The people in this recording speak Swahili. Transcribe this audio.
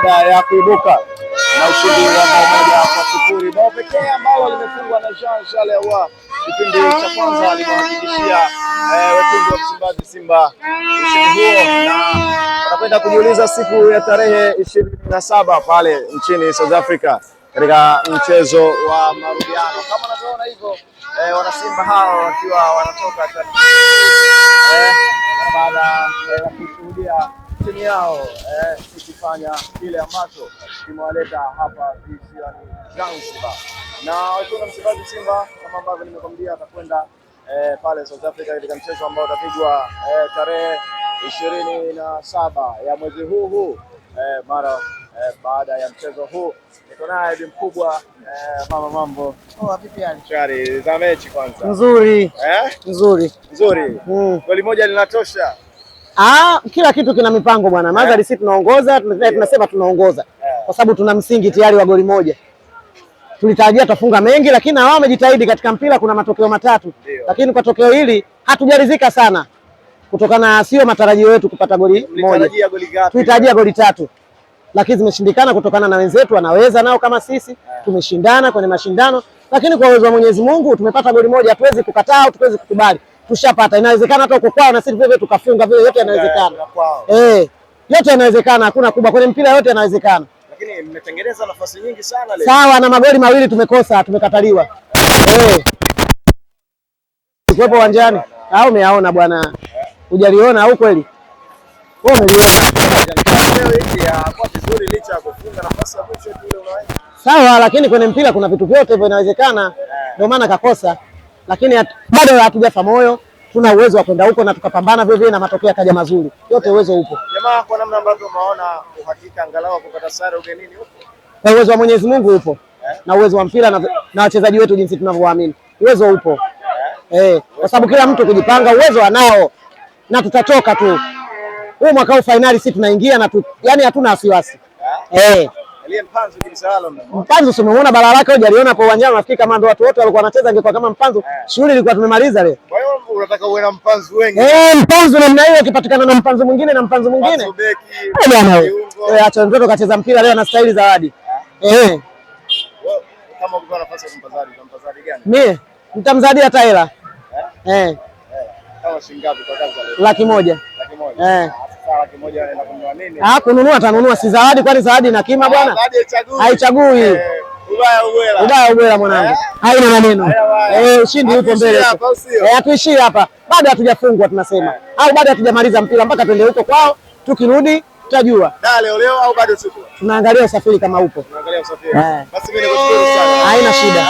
baada ya kuibuka na ushindi wa bao moja kwa sifuri, bao pekee ambalo limefungwa na Jean Charleroi. Kipindi cha kwanza eh, wekundu wa Msimbazi Simba ushindi huo, na wanakwenda kujiuliza siku ya tarehe ishirini na saba pale nchini South Africa katika mchezo wa marudiano kama unavyoona hivyo, eh, wanasimba hao wakiwa wanatoka baada ya eh, kushuhudia timu yao eh, ikifanya kile ambacho kimewaleta hapa visiwani Zanzibar. Na wakiunga mchezaji Simba kama ambavyo nimekwambia, atakwenda eh, pale South Africa katika mchezo ambao utapigwa tarehe ishirini na saba ya mwezi huu huu mara eh, baada ya mchezo huu. Niko naye bibi mkubwa eh, mama mambo. Oh, vipi hali? Shari za mechi kwanza. Nzuri. Eh? Nzuri. Nzuri. Mm. Goli moja linatosha. Ah, kila kitu kina mipango bwana. Eh? Maana yeah. Sisi tunaongoza, tunasema yeah. Tunaongoza yeah. Kwa sababu tuna msingi tayari wa goli moja. Tulitarajia tutafunga mengi, lakini na wamejitahidi katika mpira. Kuna matokeo matatu Dio. Lakini kwa tokeo hili hatujaridhika sana, kutokana sio matarajio yetu kupata goli moja. Tulitarajia goli tatu lakini zimeshindikana kutokana na wenzetu wanaweza nao kama sisi. Tumeshindana kwenye mashindano, lakini kwa uwezo wa Mwenyezi Mungu tumepata goli moja. Hatuwezi kukataa au tuwezi kukubali, tushapata. Inawezekana hata uko kwao na sisi vile tukafunga vile, yote yanawezekana eh, yote yanawezekana, hakuna kubwa kwenye mpira, yote yanawezekana. Lakini mmetengeneza nafasi nyingi sana leo, sawa na magoli mawili tumekosa, tumekataliwa eh, kuwepo uwanjani au umeaona bwana, hujaliona au kweli wewe umeliona sawa, lakini kwenye mpira kuna vitu vyote hivyo inawezekana, eh. ndio maana kakosa, lakini bado hatujafa moyo, tuna uwezo wa kwenda huko na tukapambana vile vile na matokeo yakaja mazuri, yote uwezo upo jamaa. Kwa namna ambavyo unaona uhakika angalau kupata sare ugenini upo, kwa uwezo wa Mwenyezi Mungu upo eh, na uwezo wa mpira na, na wachezaji wetu jinsi tunavyowaamini, uwezo upo eh. eh, kwa sababu kila mtu kujipanga, uwezo anao na tutatoka tu huu mwaka huu fainali si tunaingia na tu, yani hatuna wasiwasi eh. eh. Mpanzu simemuona bala lake hoja aliona hapo uwanjani, nafikiri kama ndo watu wote walikuwa wanacheza, ingekuwa kama Mpanzu eh. shughuli ilikuwa tumemaliza leo. Kwa hiyo unataka uwe na Mpanzu wengi eh, Mpanzu namna hiyo, ukipatikana na Mpanzu mwingine na Mpanzu mwingine eh, bwana, eh, acha mtoto kacheza mpira leo, na anastahili zawadi eh. Kama ukiwa na nafasi ya mpanzari, utampazadi gani? Mimi nitamzadia hata hela eh, kama shilingi ngapi? Laki moja, laki moja eh. Ah. Ah, kununua atanunua, si zawadi, kwani zawadi na kima bwana ah, haichagui. Ubaya eh, ubwela mwanangu, eh? haina maneno. Eh, ushindi upo mbele, hatuishii hapa, bado hatujafungwa tunasema, au bado hatujamaliza mpira mpaka tuende huko kwao, tukirudi tutajua tunaangalia usafiri kama upo. Haina shida.